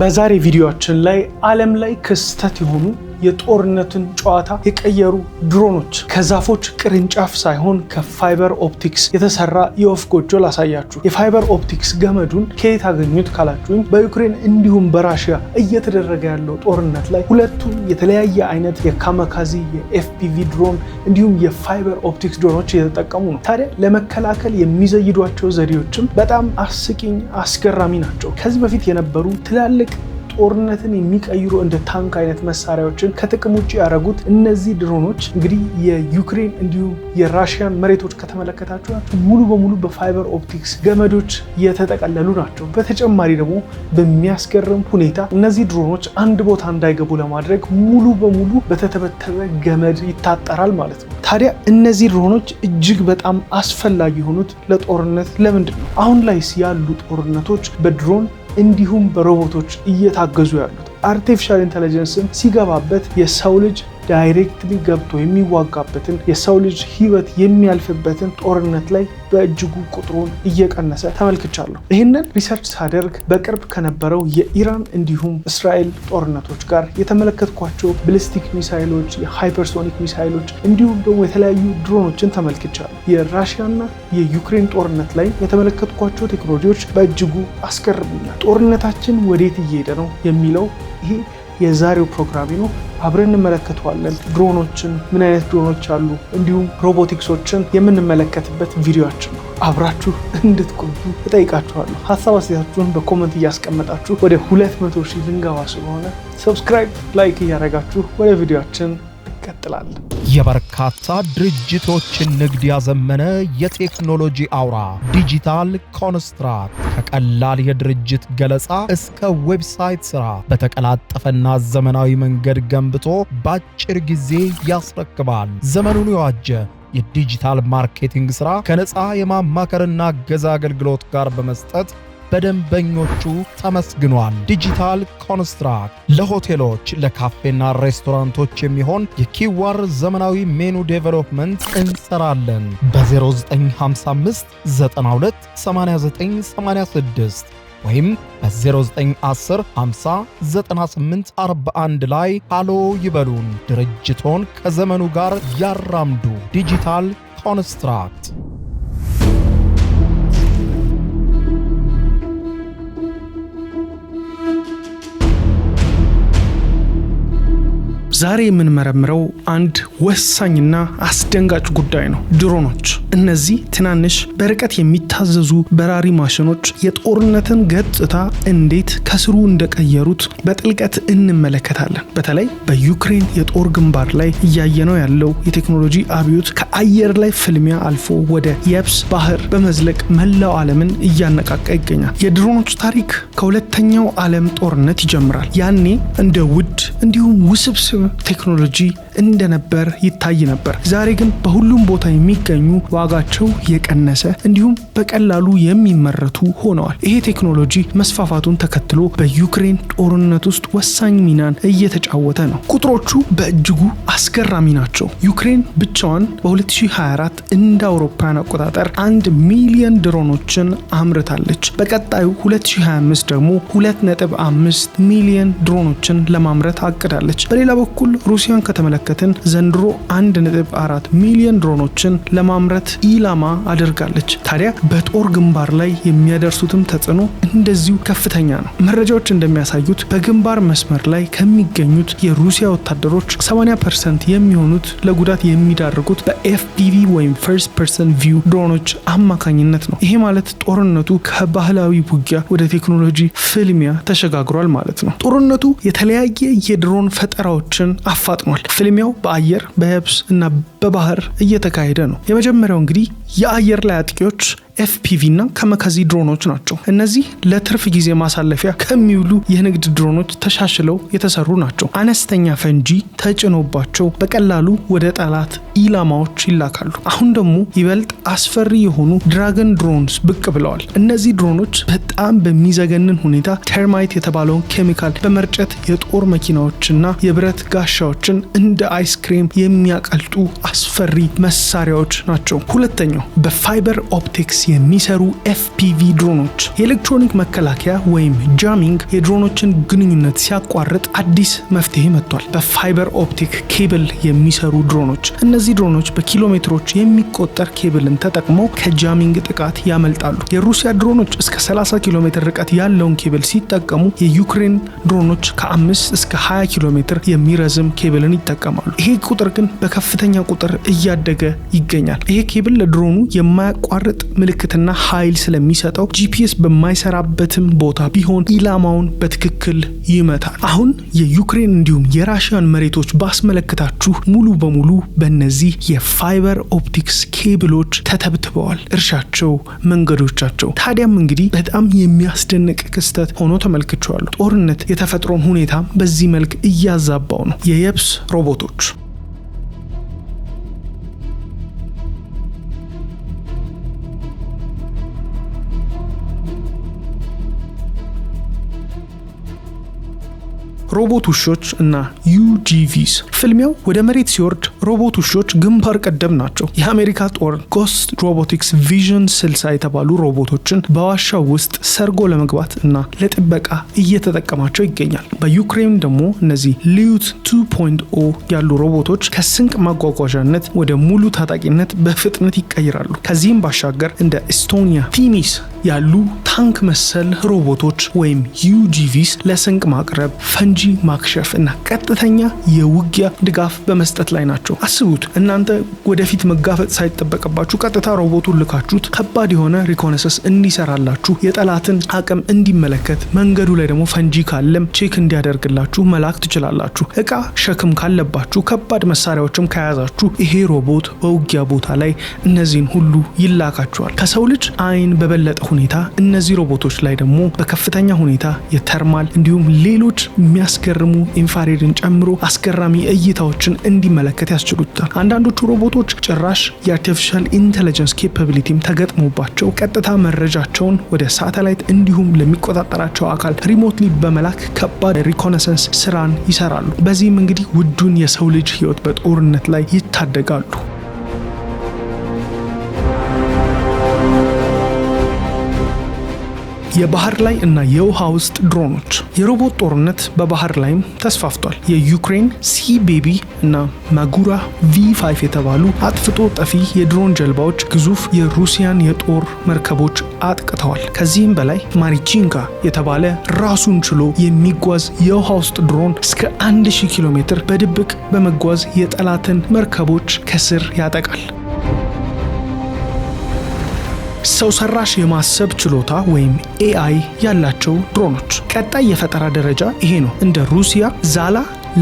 በዛሬ ቪዲዮአችን ላይ ዓለም ላይ ክስተት የሆኑ የጦርነትን ጨዋታ የቀየሩ ድሮኖች ከዛፎች ቅርንጫፍ ሳይሆን ከፋይበር ኦፕቲክስ የተሰራ የወፍ ጎጆ ላሳያችሁ። የፋይበር ኦፕቲክስ ገመዱን ከየት አገኙት ካላችሁኝ በዩክሬን እንዲሁም በራሽያ እየተደረገ ያለው ጦርነት ላይ ሁለቱም የተለያየ አይነት የካመካዚ የኤፍፒቪ ድሮን እንዲሁም የፋይበር ኦፕቲክስ ድሮኖች እየተጠቀሙ ነው። ታዲያ ለመከላከል የሚዘይዷቸው ዘዴዎችም በጣም አስቂኝ አስገራሚ ናቸው። ከዚህ በፊት የነበሩ ትላልቅ ጦርነትን የሚቀይሩ እንደ ታንክ አይነት መሳሪያዎችን ከጥቅም ውጭ ያደረጉት እነዚህ ድሮኖች እንግዲህ የዩክሬን እንዲሁም የራሽያን መሬቶች ከተመለከታችሁ ሙሉ በሙሉ በፋይበር ኦፕቲክስ ገመዶች የተጠቀለሉ ናቸው። በተጨማሪ ደግሞ በሚያስገርም ሁኔታ እነዚህ ድሮኖች አንድ ቦታ እንዳይገቡ ለማድረግ ሙሉ በሙሉ በተተበተበ ገመድ ይታጠራል ማለት ነው። ታዲያ እነዚህ ድሮኖች እጅግ በጣም አስፈላጊ የሆኑት ለጦርነት ለምንድን ነው? አሁን ላይስ ያሉ ጦርነቶች በድሮን እንዲሁም በሮቦቶች እየታገዙ ያሉት አርቲፊሻል ኢንተለጀንስም ሲገባበት የሰው ልጅ ዳይሬክትሊ ገብቶ የሚዋጋበትን የሰው ልጅ ህይወት የሚያልፍበትን ጦርነት ላይ በእጅጉ ቁጥሩን እየቀነሰ ተመልክቻለሁ። ይህንን ሪሰርች ሳደርግ በቅርብ ከነበረው የኢራን እንዲሁም እስራኤል ጦርነቶች ጋር የተመለከትኳቸው ብሊስቲክ ሚሳይሎች፣ የሃይፐርሶኒክ ሚሳይሎች እንዲሁም ደግሞ የተለያዩ ድሮኖችን ተመልክቻለሁ። የራሽያና የዩክሬን ጦርነት ላይ የተመለከትኳቸው ቴክኖሎጂዎች በእጅጉ አስገርሙኛል። ጦርነታችን ወዴት እየሄደ ነው የሚለው ይሄ የዛሬው ፕሮግራሚ ነው። አብረን እንመለከተዋለን። ድሮኖችን፣ ምን አይነት ድሮኖች አሉ፣ እንዲሁም ሮቦቲክሶችን የምንመለከትበት ቪዲዮችን ነው። አብራችሁ እንድትቆዩ እጠይቃችኋለሁ። ሀሳብ አስተያየታችሁን በኮመንት እያስቀመጣችሁ ወደ ሁለት መቶ ሺህ ልንገባ ስለሆነ ሰብስክራይብ፣ ላይክ እያደረጋችሁ ወደ ቪዲዮችን ይቀጥላል። የበርካታ ድርጅቶችን ንግድ ያዘመነ የቴክኖሎጂ አውራ ዲጂታል ኮንስትራክት ከቀላል የድርጅት ገለጻ እስከ ዌብሳይት ስራ በተቀላጠፈና ዘመናዊ መንገድ ገንብቶ በአጭር ጊዜ ያስረክባል። ዘመኑን የዋጀ የዲጂታል ማርኬቲንግ ሥራ ከነፃ የማማከርና ገዛ አገልግሎት ጋር በመስጠት በደንበኞቹ ተመስግኗል። ዲጂታል ኮንስትራክት ለሆቴሎች ለካፌና ሬስቶራንቶች የሚሆን የኪዋር ዘመናዊ ሜኑ ዴቨሎፕመንት እንሰራለን። በ0955 92 ወይም በ0910 50 ላይ አሎ ይበሉን። ድርጅቶን ከዘመኑ ጋር ያራምዱ። ዲጂታል ኮንስትራክት ዛሬ የምንመረምረው አንድ ወሳኝና አስደንጋጭ ጉዳይ ነው፣ ድሮኖች። እነዚህ ትናንሽ በርቀት የሚታዘዙ በራሪ ማሽኖች የጦርነትን ገጽታ እንዴት ከስሩ እንደቀየሩት በጥልቀት እንመለከታለን። በተለይ በዩክሬን የጦር ግንባር ላይ እያየነው ያለው የቴክኖሎጂ አብዮት ከአየር ላይ ፍልሚያ አልፎ ወደ የብስ ባህር በመዝለቅ መላው ዓለምን እያነቃቃ ይገኛል። የድሮኖች ታሪክ ከሁለተኛው ዓለም ጦርነት ይጀምራል። ያኔ እንደ ውድ እንዲሁም ውስብስብ ቴክኖሎጂ እንደነበር ይታይ ነበር። ዛሬ ግን በሁሉም ቦታ የሚገኙ ዋጋቸው የቀነሰ እንዲሁም በቀላሉ የሚመረቱ ሆነዋል። ይሄ ቴክኖሎጂ መስፋፋቱን ተከትሎ በዩክሬን ጦርነት ውስጥ ወሳኝ ሚናን እየተጫወተ ነው። ቁጥሮቹ በእጅጉ አስገራሚ ናቸው። ዩክሬን ብቻዋን በ2024 እንደ አውሮፓውያን አቆጣጠር አንድ ሚሊዮን ድሮኖችን አምርታለች። በቀጣዩ 2025 ደግሞ 2.5 ሚሊዮን ድሮኖችን ለማምረት አቅዳለች። በሌላ በኩል ሩሲያን ከተመለከ እየተመለከትን ዘንድሮ 1.4 ሚሊዮን ድሮኖችን ለማምረት ኢላማ አድርጋለች። ታዲያ በጦር ግንባር ላይ የሚያደርሱትም ተጽዕኖ እንደዚሁ ከፍተኛ ነው። መረጃዎች እንደሚያሳዩት በግንባር መስመር ላይ ከሚገኙት የሩሲያ ወታደሮች 80 ፐርሰንት የሚሆኑት ለጉዳት የሚዳርጉት በኤፍፒቪ ወይም ፈርስት ፐርሰን ቪው ድሮኖች አማካኝነት ነው። ይሄ ማለት ጦርነቱ ከባህላዊ ውጊያ ወደ ቴክኖሎጂ ፍልሚያ ተሸጋግሯል ማለት ነው። ጦርነቱ የተለያየ የድሮን ፈጠራዎችን አፋጥኗል። ፍልሚያው በአየር በየብስ እና በባህር እየተካሄደ ነው። የመጀመሪያው እንግዲህ የአየር ላይ አጥቂዎች ኤፍፒቪ እና ከመከዚ ድሮኖች ናቸው። እነዚህ ለትርፍ ጊዜ ማሳለፊያ ከሚውሉ የንግድ ድሮኖች ተሻሽለው የተሰሩ ናቸው። አነስተኛ ፈንጂ ተጭኖባቸው በቀላሉ ወደ ጠላት ኢላማዎች ይላካሉ። አሁን ደግሞ ይበልጥ አስፈሪ የሆኑ ድራገን ድሮንስ ብቅ ብለዋል። እነዚህ ድሮኖች በጣም በሚዘገንን ሁኔታ ተርማይት የተባለውን ኬሚካል በመርጨት የጦር መኪናዎችና የብረት ጋሻዎችን እንደ አይስክሬም የሚያቀልጡ አስፈሪ መሳሪያዎች ናቸው። ሁለተኛው በፋይበር ኦፕቲክስ የሚሰሩ ኤፍፒቪ ድሮኖች። የኤሌክትሮኒክ መከላከያ ወይም ጃሚንግ የድሮኖችን ግንኙነት ሲያቋርጥ አዲስ መፍትሄ መጥቷል። በፋይበር ኦፕቲክ ኬብል የሚሰሩ ድሮኖች። እነዚህ ድሮኖች በኪሎሜትሮች የሚቆጠር ኬብልን ተጠቅመው ከጃሚንግ ጥቃት ያመልጣሉ። የሩሲያ ድሮኖች እስከ 30 ኪሎ ሜትር ርቀት ያለውን ኬብል ሲጠቀሙ፣ የዩክሬን ድሮኖች ከ5 እስከ 20 ኪሎ ሜትር የሚረዝም ኬብልን ይጠቀማሉ። ይሄ ቁጥር ግን በከፍተኛ ቁጥር እያደገ ይገኛል። ይሄ ኬብል ለድሮኑ የማያቋርጥ ምልክት ምልክትና ኃይል ስለሚሰጠው ጂፒኤስ በማይሰራበትም ቦታ ቢሆን ኢላማውን በትክክል ይመታል። አሁን የዩክሬን እንዲሁም የራሽያን መሬቶች ባስመለከታችሁ ሙሉ በሙሉ በእነዚህ የፋይበር ኦፕቲክስ ኬብሎች ተተብትበዋል። እርሻቸው፣ መንገዶቻቸው። ታዲያም እንግዲህ በጣም የሚያስደንቅ ክስተት ሆኖ ተመልክቸዋለሁ። ጦርነት የተፈጥሮን ሁኔታ በዚህ መልክ እያዛባው ነው። የየብስ ሮቦቶች ሮቦት ውሾች እና ዩጂቪስ። ፍልሚያው ወደ መሬት ሲወርድ ሮቦት ውሾች ግንባር ቀደም ናቸው። የአሜሪካ ጦር ጎስት ሮቦቲክስ ቪዥን 60 የተባሉ ሮቦቶችን በዋሻው ውስጥ ሰርጎ ለመግባት እና ለጥበቃ እየተጠቀማቸው ይገኛል። በዩክሬን ደግሞ እነዚህ ልዩት 2.0 ያሉ ሮቦቶች ከስንቅ ማጓጓዣነት ወደ ሙሉ ታጣቂነት በፍጥነት ይቀይራሉ። ከዚህም ባሻገር እንደ ኤስቶኒያ፣ ቲሚስ ያሉ ታንክ መሰል ሮቦቶች ወይም ዩጂቪስ ለስንቅ ማቅረብ፣ ፈንጂ ማክሸፍ እና ቀጥተኛ የውጊያ ድጋፍ በመስጠት ላይ ናቸው። አስቡት እናንተ ወደፊት መጋፈጥ ሳይጠበቅባችሁ ቀጥታ ሮቦቱን ልካችሁት ከባድ የሆነ ሪኮነሰስ እንዲሰራላችሁ፣ የጠላትን አቅም እንዲመለከት፣ መንገዱ ላይ ደግሞ ፈንጂ ካለም ቼክ እንዲያደርግላችሁ መላክ ትችላላችሁ። እቃ ሸክም ካለባችሁ ከባድ መሳሪያዎችም ከያዛችሁ ይሄ ሮቦት በውጊያ ቦታ ላይ እነዚህን ሁሉ ይላካችኋል። ከሰው ልጅ አይን በበለጠ ሁኔታ እነዚህ ሮቦቶች ላይ ደግሞ በከፍተኛ ሁኔታ የተርማል እንዲሁም ሌሎች የሚያስገርሙ ኢንፋሬድን ጨምሮ አስገራሚ እይታዎችን እንዲመለከት ያስችሉታል። አንዳንዶቹ ሮቦቶች ጭራሽ የአርቲፊሻል ኢንቴሊጀንስ ኬፓቢሊቲም ተገጥሞባቸው ቀጥታ መረጃቸውን ወደ ሳተላይት እንዲሁም ለሚቆጣጠራቸው አካል ሪሞትሊ በመላክ ከባድ ሪኮነሰንስ ስራን ይሰራሉ። በዚህም እንግዲህ ውዱን የሰው ልጅ ህይወት በጦርነት ላይ ይታደጋሉ። የባህር ላይ እና የውሃ ውስጥ ድሮኖች። የሮቦት ጦርነት በባህር ላይም ተስፋፍቷል። የዩክሬን ሲ ቤቢ እና ማጉራ ቪ5 የተባሉ አጥፍጦ ጠፊ የድሮን ጀልባዎች ግዙፍ የሩሲያን የጦር መርከቦች አጥቅተዋል። ከዚህም በላይ ማሪቺንካ የተባለ ራሱን ችሎ የሚጓዝ የውሃ ውስጥ ድሮን እስከ 1000 ኪሎ ሜትር በድብቅ በመጓዝ የጠላትን መርከቦች ከስር ያጠቃል። ሰው ሰራሽ የማሰብ ችሎታ ወይም ኤአይ ያላቸው ድሮኖች። ቀጣይ የፈጠራ ደረጃ ይሄ ነው። እንደ ሩሲያ ዛላ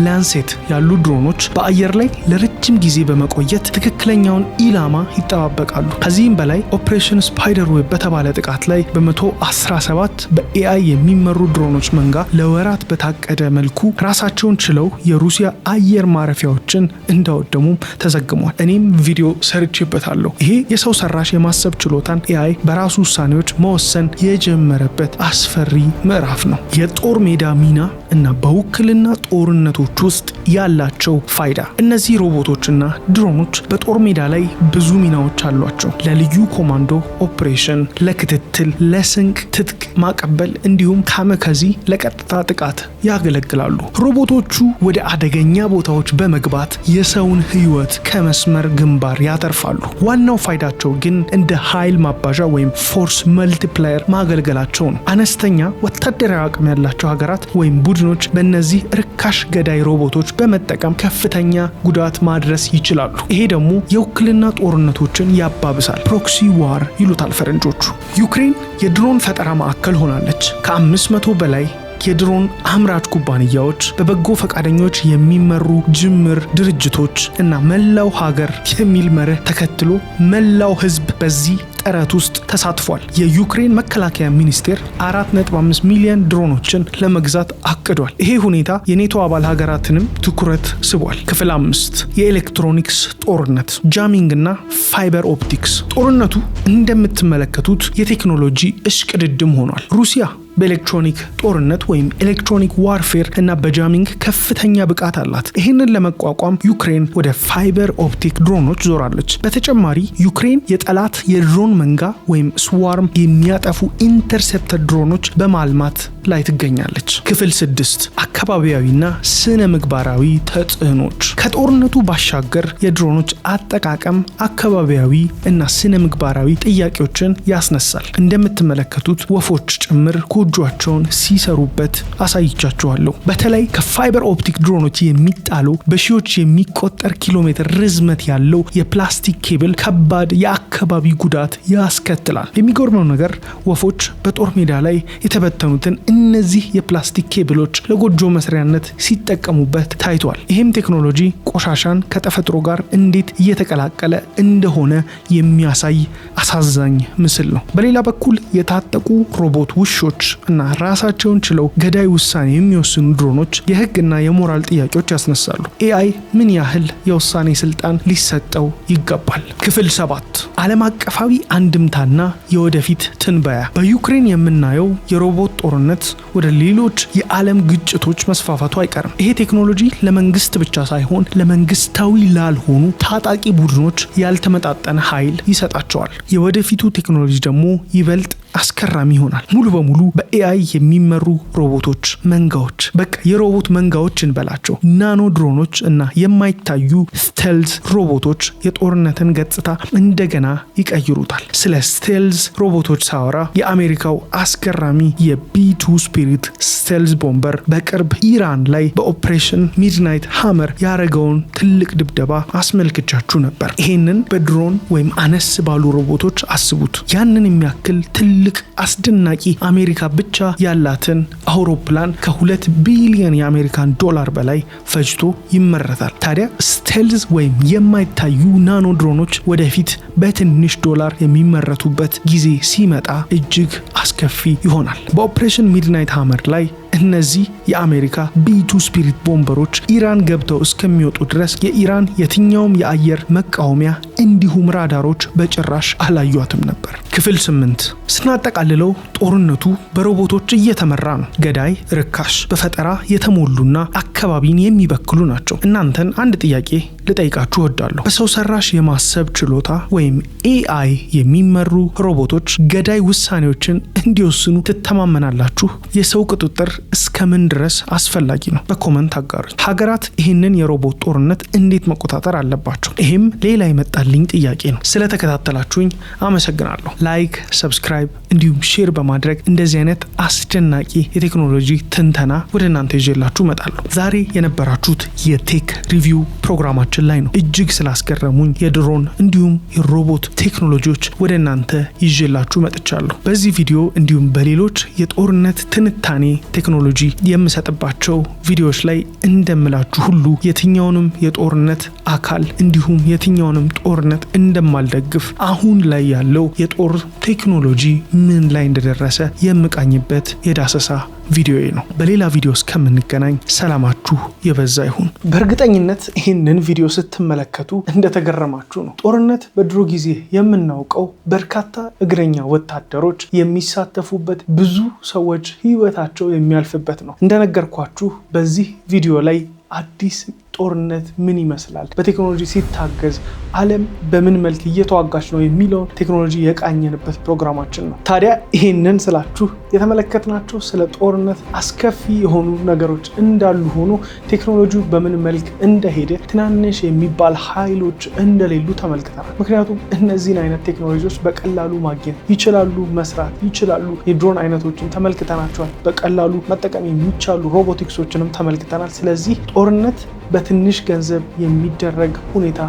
ላንሴት ያሉ ድሮኖች በአየር ላይ ለረ ለረጅም ጊዜ በመቆየት ትክክለኛውን ኢላማ ይጠባበቃሉ። ከዚህም በላይ ኦፕሬሽን ስፓይደር ዌብ በተባለ ጥቃት ላይ በ117 በኤአይ የሚመሩ ድሮኖች መንጋ ለወራት በታቀደ መልኩ ራሳቸውን ችለው የሩሲያ አየር ማረፊያዎችን እንዳወደሙም ተዘግሟል። እኔም ቪዲዮ ሰርቼበታለሁ። ይሄ የሰው ሰራሽ የማሰብ ችሎታን ኤአይ በራሱ ውሳኔዎች መወሰን የጀመረበት አስፈሪ ምዕራፍ ነው። የጦር ሜዳ ሚና እና በውክልና ጦርነቶች ውስጥ ያላቸው ፋይዳ እነዚህ ሮቦቶች ሮኬቶችና ድሮኖች በጦር ሜዳ ላይ ብዙ ሚናዎች አሏቸው። ለልዩ ኮማንዶ ኦፕሬሽን፣ ለክትትል፣ ለስንቅ ትጥቅ ማቀበል እንዲሁም ካመከዚ ለቀጥታ ጥቃት ያገለግላሉ። ሮቦቶቹ ወደ አደገኛ ቦታዎች በመግባት የሰውን ሕይወት ከመስመር ግንባር ያተርፋሉ። ዋናው ፋይዳቸው ግን እንደ ኃይል ማባዣ ወይም ፎርስ መልቲፕላየር ማገልገላቸው ነው። አነስተኛ ወታደራዊ አቅም ያላቸው ሀገራት ወይም ቡድኖች በእነዚህ ርካሽ ገዳይ ሮቦቶች በመጠቀም ከፍተኛ ጉዳት ማድ መድረስ ይችላሉ። ይሄ ደግሞ የውክልና ጦርነቶችን ያባብሳል። ፕሮክሲ ዋር ይሉታል ፈረንጆቹ። ዩክሬን የድሮን ፈጠራ ማዕከል ሆናለች። ከአምስት መቶ በላይ የድሮን አምራች ኩባንያዎች፣ በበጎ ፈቃደኞች የሚመሩ ጅምር ድርጅቶች እና መላው ሀገር የሚል መርህ ተከትሎ መላው ሕዝብ በዚህ ጥረት ውስጥ ተሳትፏል። የዩክሬን መከላከያ ሚኒስቴር 4.5 ሚሊዮን ድሮኖችን ለመግዛት አቅዷል። ይሄ ሁኔታ የኔቶ አባል ሀገራትንም ትኩረት ስቧል። ክፍል አምስት የኤሌክትሮኒክስ ጦርነት ጃሚንግ እና ፋይበር ኦፕቲክስ። ጦርነቱ እንደምትመለከቱት የቴክኖሎጂ እሽቅድድም ሆኗል። ሩሲያ በኤሌክትሮኒክ ጦርነት ወይም ኤሌክትሮኒክ ዋርፌር እና በጃሚንግ ከፍተኛ ብቃት አላት። ይህንን ለመቋቋም ዩክሬን ወደ ፋይበር ኦፕቲክ ድሮኖች ዞራለች። በተጨማሪ ዩክሬን የጠላት የድሮን መንጋ ወይም ስዋርም የሚያጠፉ ኢንተርሴፕተር ድሮኖች በማልማት ላይ ትገኛለች። ክፍል ስድስት አካባቢያዊና ስነ ምግባራዊ ተጽዕኖች። ከጦርነቱ ባሻገር የድሮኖች አጠቃቀም አካባቢያዊ እና ስነ ምግባራዊ ጥያቄዎችን ያስነሳል። እንደምትመለከቱት ወፎች ጭምር ጎጆቸውን ሲሰሩበት አሳይቻችኋለሁ። በተለይ ከፋይበር ኦፕቲክ ድሮኖች የሚጣለው በሺዎች የሚቆጠር ኪሎ ሜትር ርዝመት ያለው የፕላስቲክ ኬብል ከባድ የአካባቢ ጉዳት ያስከትላል። የሚገርመው ነገር ወፎች በጦር ሜዳ ላይ የተበተኑትን እነዚህ የፕላስቲክ ኬብሎች ለጎጆ መስሪያነት ሲጠቀሙበት ታይቷል። ይህም ቴክኖሎጂ ቆሻሻን ከተፈጥሮ ጋር እንዴት እየተቀላቀለ እንደሆነ የሚያሳይ አሳዛኝ ምስል ነው። በሌላ በኩል የታጠቁ ሮቦት ውሾች እና ራሳቸውን ችለው ገዳይ ውሳኔ የሚወስኑ ድሮኖች የህግና የሞራል ጥያቄዎች ያስነሳሉ። ኤአይ ምን ያህል የውሳኔ ስልጣን ሊሰጠው ይገባል? ክፍል ሰባት ዓለም አቀፋዊ አንድምታና የወደፊት ትንበያ። በዩክሬን የምናየው የሮቦት ጦርነት ወደ ሌሎች የዓለም ግጭቶች መስፋፋቱ አይቀርም። ይሄ ቴክኖሎጂ ለመንግስት ብቻ ሳይሆን ለመንግስታዊ ላልሆኑ ታጣቂ ቡድኖች ያልተመጣጠነ ኃይል ይሰጣቸዋል። የወደፊቱ ቴክኖሎጂ ደግሞ ይበልጥ አስገራሚ ይሆናል። ሙሉ በሙሉ በኤአይ የሚመሩ ሮቦቶች መንጋዎች፣ በቃ የሮቦት መንጋዎች እንበላቸው። ናኖ ድሮኖች እና የማይታዩ ስቴልዝ ሮቦቶች የጦርነትን ገጽታ እንደገና ይቀይሩታል። ስለ ስቴልዝ ሮቦቶች ሳወራ የአሜሪካው አስገራሚ የቢቱ ስፒሪት ስቴልዝ ቦምበር በቅርብ ኢራን ላይ በኦፕሬሽን ሚድናይት ሃመር ያደረገውን ትልቅ ድብደባ አስመልክቻችሁ ነበር። ይሄንን በድሮን ወይም አነስ ባሉ ሮቦቶች አስቡት። ያንን የሚያክል ትልቅ ትልቅ አስደናቂ አሜሪካ ብቻ ያላትን አውሮፕላን ከሁለት ቢሊዮን የአሜሪካን ዶላር በላይ ፈጅቶ ይመረታል። ታዲያ ስቴልዝ ወይም የማይታዩ ናኖ ድሮኖች ወደፊት በትንሽ ዶላር የሚመረቱበት ጊዜ ሲመጣ እጅግ አስከፊ ይሆናል። በኦፕሬሽን ሚድናይት ሀመር ላይ እነዚህ የአሜሪካ ቢቱ ስፒሪት ቦምበሮች ኢራን ገብተው እስከሚወጡ ድረስ የኢራን የትኛውም የአየር መቃወሚያ እንዲሁም ራዳሮች በጭራሽ አላዩትም ነው። ክፍል ስምንት ስናጠቃልለው ጦርነቱ በሮቦቶች እየተመራ ነው። ገዳይ፣ ርካሽ፣ በፈጠራ የተሞሉና አካባቢን የሚበክሉ ናቸው። እናንተን አንድ ጥያቄ ልጠይቃችሁ እወዳለሁ። በሰው ሰራሽ የማሰብ ችሎታ ወይም ኤአይ የሚመሩ ሮቦቶች ገዳይ ውሳኔዎችን እንዲወስኑ ትተማመናላችሁ? የሰው ቁጥጥር እስከምን ድረስ አስፈላጊ ነው? በኮመንት አጋሩኝ። ሀገራት ይህንን የሮቦት ጦርነት እንዴት መቆጣጠር አለባቸው? ይህም ሌላ የመጣልኝ ጥያቄ ነው። ስለተከታተላችሁኝ አመሰግናለሁ። ላይክ፣ ሰብስክራይብ እንዲሁም ሼር በማድረግ እንደዚህ አይነት አስደናቂ የቴክኖሎጂ ትንተና ወደ እናንተ ይዤላችሁ እመጣለሁ። ዛሬ የነበራችሁት የቴክ ሪቪው ፕሮግራማችን ላይ ነው። እጅግ ስላስገረሙኝ የድሮን እንዲሁም የሮቦት ቴክኖሎጂዎች ወደ እናንተ ይዤላችሁ መጥቻለሁ። በዚህ ቪዲዮ እንዲሁም በሌሎች የጦርነት ትንታኔ ቴክኖሎጂ የምሰጥባቸው ቪዲዮዎች ላይ እንደምላችሁ ሁሉ የትኛውንም የጦርነት አካል እንዲሁም የትኛውንም ጦርነት እንደማልደግፍ አሁን ላይ ያለው የጦር ቴክኖሎጂ ምን ላይ እንደደረሰ የምቃኝበት የዳሰሳ ቪዲዮ ነው። በሌላ ቪዲዮ እስከምንገናኝ ሰላማችሁ የበዛ ይሁን። በእርግጠኝነት ይህንን ቪዲዮ ስትመለከቱ እንደተገረማችሁ ነው። ጦርነት በድሮ ጊዜ የምናውቀው በርካታ እግረኛ ወታደሮች የሚሳተፉበት ብዙ ሰዎች ህይወታቸው የሚያልፍበት ነው። እንደነገርኳችሁ በዚህ ቪዲዮ ላይ አዲስ ጦርነት ምን ይመስላል፣ በቴክኖሎጂ ሲታገዝ ዓለም በምን መልክ እየተዋጋች ነው የሚለውን ቴክኖሎጂ የቃኘንበት ፕሮግራማችን ነው። ታዲያ ይህንን ስላችሁ የተመለከትናቸው ስለ ጦርነት አስከፊ የሆኑ ነገሮች እንዳሉ ሆኖ ቴክኖሎጂው በምን መልክ እንደሄደ ትናንሽ የሚባል ኃይሎች እንደሌሉ ተመልክተናል። ምክንያቱም እነዚህን አይነት ቴክኖሎጂዎች በቀላሉ ማግኘት ይችላሉ፣ መስራት ይችላሉ። የድሮን አይነቶችን ተመልክተናቸዋል። በቀላሉ መጠቀም የሚቻሉ ሮቦቲክሶችንም ተመልክተናል። ስለዚህ ጦርነት በት ትንሽ ገንዘብ የሚደረግ ሁኔታ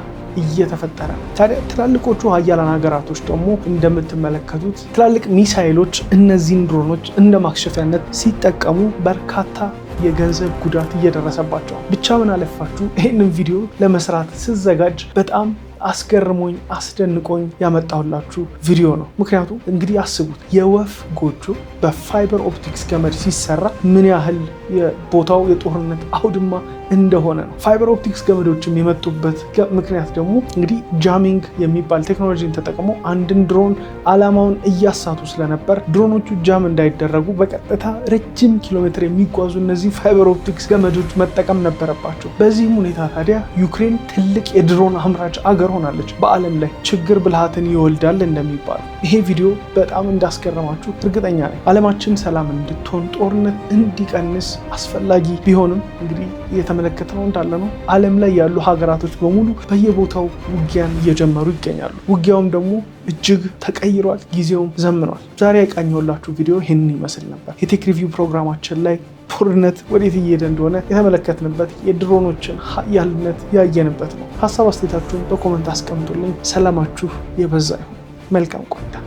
እየተፈጠረ ነው። ታዲያ ትላልቆቹ ሀያላን ሀገራቶች ደግሞ እንደምትመለከቱት ትላልቅ ሚሳይሎች እነዚህን ድሮኖች እንደ ማክሸፊያነት ሲጠቀሙ በርካታ የገንዘብ ጉዳት እየደረሰባቸው ብቻ ምን አለፋችሁ ይህንን ቪዲዮ ለመስራት ስዘጋጅ በጣም አስገርሞኝ አስደንቆኝ ያመጣሁላችሁ ቪዲዮ ነው። ምክንያቱም እንግዲህ አስቡት የወፍ ጎጆ በፋይበር ኦፕቲክስ ገመድ ሲሰራ ምን ያህል የቦታው የጦርነት አውድማ እንደሆነ ነው። ፋይበር ኦፕቲክስ ገመዶችም የመጡበት ምክንያት ደግሞ እንግዲህ ጃሚንግ የሚባል ቴክኖሎጂን ተጠቅሞ አንድን ድሮን ዓላማውን እያሳቱ ስለነበር ድሮኖቹ ጃም እንዳይደረጉ በቀጥታ ረጅም ኪሎ ሜትር የሚጓዙ እነዚህ ፋይበር ኦፕቲክስ ገመዶች መጠቀም ነበረባቸው። በዚህም ሁኔታ ታዲያ ዩክሬን ትልቅ የድሮን አምራች አገር ሆናለች በዓለም ላይ። ችግር ብልሃትን ይወልዳል እንደሚባል ይሄ ቪዲዮ በጣም እንዳስገረማችሁ እርግጠኛ ነኝ። ዓለማችን ሰላም እንድትሆን ጦርነት እንዲቀንስ አስፈላጊ ቢሆንም እንግዲህ እየተመለከትነው እንዳለ ነው። ዓለም ላይ ያሉ ሀገራቶች በሙሉ በየቦታው ውጊያን እየጀመሩ ይገኛሉ። ውጊያውም ደግሞ እጅግ ተቀይሯል፣ ጊዜውም ዘምኗል። ዛሬ ያቃኘሁላችሁ ቪዲዮ ይህንን ይመስል ነበር። የቴክ ሪቪው ፕሮግራማችን ላይ ጦርነት ወዴት እየሄደ እንደሆነ የተመለከትንበት የድሮኖችን ያልነት ያየንበት ነው። ሀሳብ አስተያየታችሁን በኮመንት አስቀምጡልኝ። ሰላማችሁ የበዛ ይሁን። መልካም ቆይታ